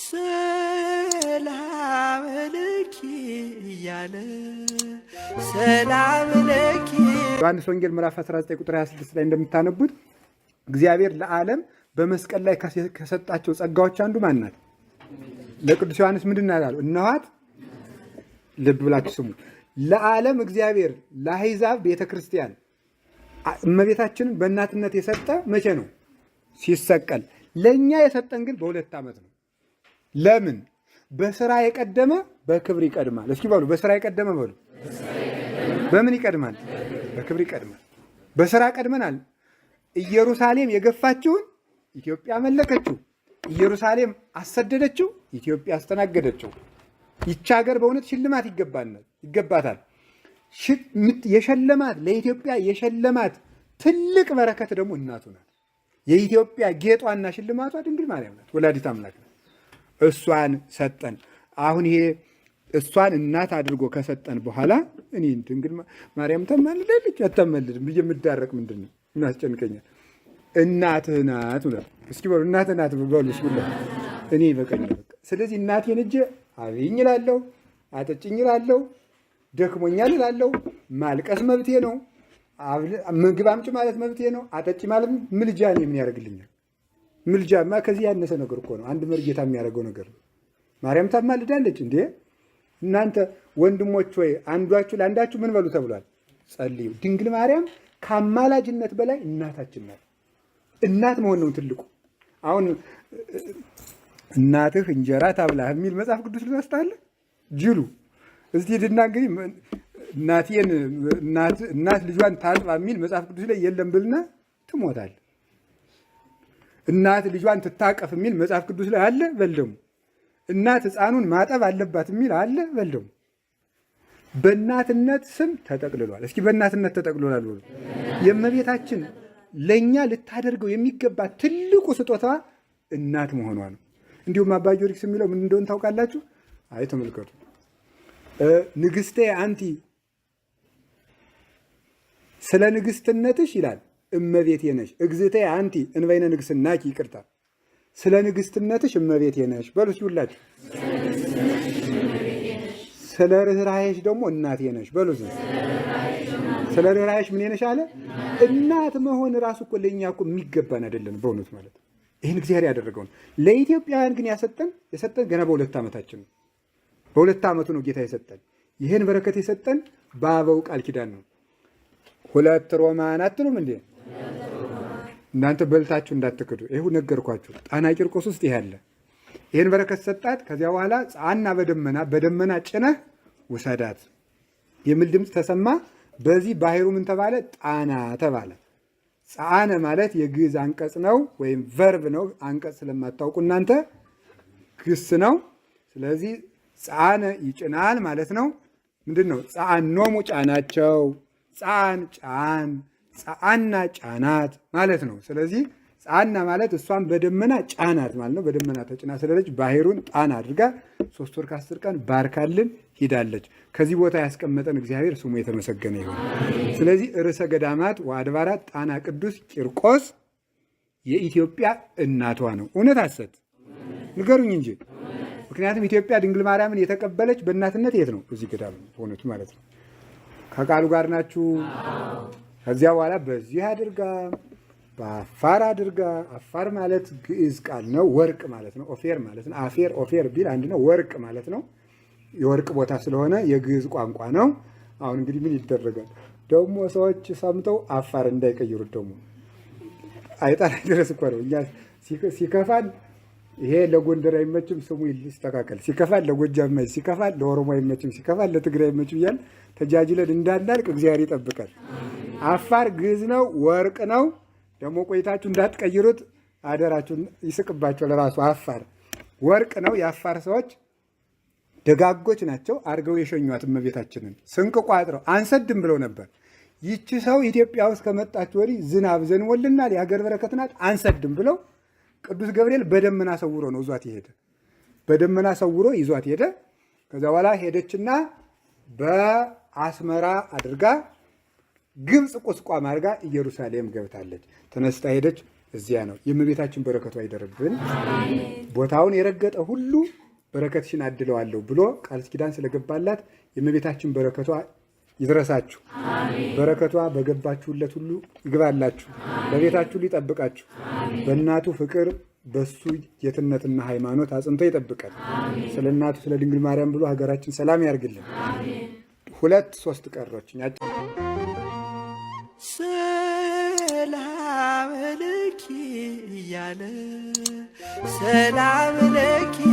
ሰላም ለኪ እያለ ሰላም ለኪ ዮሐንስ ወንጌል ምዕራፍ 19 ቁጥር 26 ላይ እንደምታነቡት እግዚአብሔር ለዓለም በመስቀል ላይ ከሰጣቸው ጸጋዎች አንዱ ማን ናት? ለቅዱስ ዮሐንስ ምንድን ያላሉ እነኋት። ልብ ብላችሁ ስሙ። ለዓለም እግዚአብሔር ለአሕዛብ ቤተ ክርስቲያን እመቤታችንን በእናትነት የሰጠ መቼ ነው? ሲሰቀል። ለእኛ የሰጠን ግን በሁለት ዓመት ነው። ለምን በስራ የቀደመ በክብር ይቀድማል። እስኪ በሉ በስራ የቀደመ በሉ። በምን ይቀድማል? በክብር ይቀድማል። በስራ ቀድመናል። ኢየሩሳሌም የገፋችውን ኢትዮጵያ መለከችው። ኢየሩሳሌም አሰደደችው፣ ኢትዮጵያ አስተናገደችው። ይቺ ሀገር በእውነት ሽልማት ይገባታል። የሸለማት ለኢትዮጵያ የሸለማት ትልቅ በረከት ደግሞ እናቱ ናት። የኢትዮጵያ ጌጧና ሽልማቷ ድንግል ማርያም ናት፣ ወላዲት አምላክ እሷን ሰጠን። አሁን ይሄ እሷን እናት አድርጎ ከሰጠን በኋላ እኔ ድንግል ማርያም ተማልዳለች አታማልድም ብዬ የምዳረቅ ምንድን ነው? እናስጨንቀኛል። አስጨንቀኛል? እናትህ ናት ብሏል። እስኪ በሉ እናትህ ናት በሉ ስላ እኔ ይበቃኛል። ስለዚህ እናቴን እጄ አብኝ እላለሁ፣ አጠጭኝ እላለሁ፣ ደክሞኛል እላለሁ። ማልቀስ መብቴ ነው። ምግብ አምጭ ማለት መብቴ ነው። አጠጭ ማለት ምልጃ እኔ ምን ያደርግልኛል? ምልጃማ ከዚህ ያነሰ ነገር እኮ ነው። አንድ መርጌታ የሚያደርገው ነገር ነው። ማርያም ታማልዳለች እንዴ! እናንተ ወንድሞች ወይ አንዷችሁ ለአንዳችሁ ምን በሉ ተብሏል? ጸልዩ። ድንግል ማርያም ከአማላጅነት በላይ እናታችን ናት። እናት መሆን ነው ትልቁ። አሁን እናትህ እንጀራ ታብላህ የሚል መጽሐፍ ቅዱስ ልመስጣለህ ጅሉ እዚህ ድና እንግዲህ እናቴን እናት ልጇን ታጥባ የሚል መጽሐፍ ቅዱስ ላይ የለም ብልና ትሞታል። እናት ልጇን ትታቀፍ የሚል መጽሐፍ ቅዱስ ላይ አለ በልደሙ። እናት ህፃኑን ማጠብ አለባት የሚል አለ በልደሙ። በእናትነት ስም ተጠቅልሏል። እስኪ በእናትነት ተጠቅልሏል ብሎ የእመቤታችን ለእኛ ልታደርገው የሚገባ ትልቁ ስጦታ እናት መሆኗ ነው። እንዲሁም አባ ጊዮርጊስ የሚለው ምን እንደሆን ታውቃላችሁ? አይ ተመልከቱ። ንግስቴ አንቲ ስለ ንግስትነትሽ ይላል እመቤቴ ነሽ እግዝእቴ አንቲ እንበይነ ንግስናኪ። ይቅርታ ስለ ንግስትነትሽ እመቤቴ ነሽ በሉስ ይውላችሁ። ስለ ርኅራኄሽ ደግሞ እናቴ ነሽ በሉስ። ስለ ርኅራኄሽ ምን ነሽ አለ። እናት መሆን ራሱ እኮ ለእኛ እኮ የሚገባን አይደለን በእውነት ማለት ይህን እግዚአብሔር ያደረገውን ለኢትዮጵያውያን ግን ያሰጠን የሰጠን ገና በሁለት ዓመታችን ነው። በሁለት ዓመቱ ነው ጌታ የሰጠን ይህን በረከት የሰጠን በአበው ቃል ኪዳን ነው። ሁለት ሮማን አትሉም እንዴ? እናንተ በልታችሁ እንዳትክዱ። ይሁ ነገርኳችሁ። ጣና ቂርቆስ ውስጥ ይህ አለ። ይህን በረከት ሰጣት። ከዚያ በኋላ ጻና በደመና በደመና ጭነህ ውሰዳት የሚል ድምፅ ተሰማ። በዚህ ባህሩ ምን ተባለ? ጣና ተባለ። ጻነ ማለት የግዕዝ አንቀጽ ነው፣ ወይም ቨርብ ነው። አንቀጽ ስለማታውቁ እናንተ ግስ ነው። ስለዚህ ጻነ ይጭናል ማለት ነው። ምንድን ነው? ኖሙ ጫናቸው ጻን ጫን ፀአና ጫናት ማለት ነው። ስለዚህ ፀአና ማለት እሷን በደመና ጫናት ማለት ነው። በደመና ተጭና ስለደች ባህሩን ጣና አድርጋ ሶስት ወር ከአስር ቀን ባርካልን ሂዳለች። ከዚህ ቦታ ያስቀመጠን እግዚአብሔር ስሙ የተመሰገነ ይሆን። ስለዚህ ርዕሰ ገዳማት ወአድባራት ጣና ቅዱስ ቂርቆስ የኢትዮጵያ እናቷ ነው። እውነት አሰት ንገሩኝ እንጂ ምክንያቱም ኢትዮጵያ ድንግል ማርያምን የተቀበለች በእናትነት የት ነው? እዚህ ገዳም ሆነች ማለት ነው። ከቃሉ ጋር ናችሁ። ከዚያ በኋላ በዚህ አድርጋ በአፋር አድርጋ። አፋር ማለት ግዕዝ ቃል ነው፣ ወርቅ ማለት ነው። ኦፌር ማለት ነው። አፌር ኦፌር ቢል አንድ ነው፣ ወርቅ ማለት ነው። የወርቅ ቦታ ስለሆነ የግዕዝ ቋንቋ ነው። አሁን እንግዲህ ምን ይደረጋል? ደግሞ ሰዎች ሰምተው አፋር እንዳይቀይሩት ደግሞ አይጣላ ድረስ እኮ ነው። እኛ ሲከፋን ይሄ ለጎንደር አይመችም ስሙ ይስተካከል፣ ሲከፋን ለጎጃም አይመችም፣ ሲከፋን ለኦሮሞ አይመችም፣ ሲከፋን ለትግራይ አይመችም እያልን ተጃጅለን እንዳናልቅ እግዚአብሔር ይጠብቃል። አፋር ግዕዝ ነው፣ ወርቅ ነው። ደግሞ ቆይታችሁ እንዳትቀይሩት አደራችሁን። ይስቅባቸው ለራሱ አፋር ወርቅ ነው። የአፋር ሰዎች ደጋጎች ናቸው። አድርገው የሸኟት እመቤታችንን ስንቅ ቋጥረው አንሰድም ብለው ነበር። ይቺ ሰው ኢትዮጵያ ውስጥ ከመጣች ወዲህ ዝናብ ዘንወልናል፣ የሀገር በረከት ናት፣ አንሰድም ብለው ቅዱስ ገብርኤል በደመና ሰውሮ ነው ይዟት ሄደ። በደመና ሰውሮ ይዟት ሄደ። ከዛ በኋላ ሄደችና በአስመራ አድርጋ ግብፅ ቁስቋም አድርጋ ኢየሩሳሌም ገብታለች። ተነስታ ሄደች። እዚያ ነው የእመቤታችን በረከቷ አይደርብን። ቦታውን የረገጠ ሁሉ በረከትሽን አድለዋለሁ ብሎ ቃል ኪዳን ስለገባላት የእመቤታችን በረከቷ ይድረሳችሁ። በረከቷ በገባችሁለት ሁሉ ይግባላችሁ። በቤታችሁ ሁሉ ይጠብቃችሁ። በእናቱ ፍቅር በሱ የትነትና ሃይማኖት አጽንቶ ይጠብቃል። ስለ እናቱ ስለ ድንግል ማርያም ብሎ ሀገራችን ሰላም ያርግልን። ሁለት ሶስት ቀሮች ሰላም ለኪ እያለ ሰላም ለኪ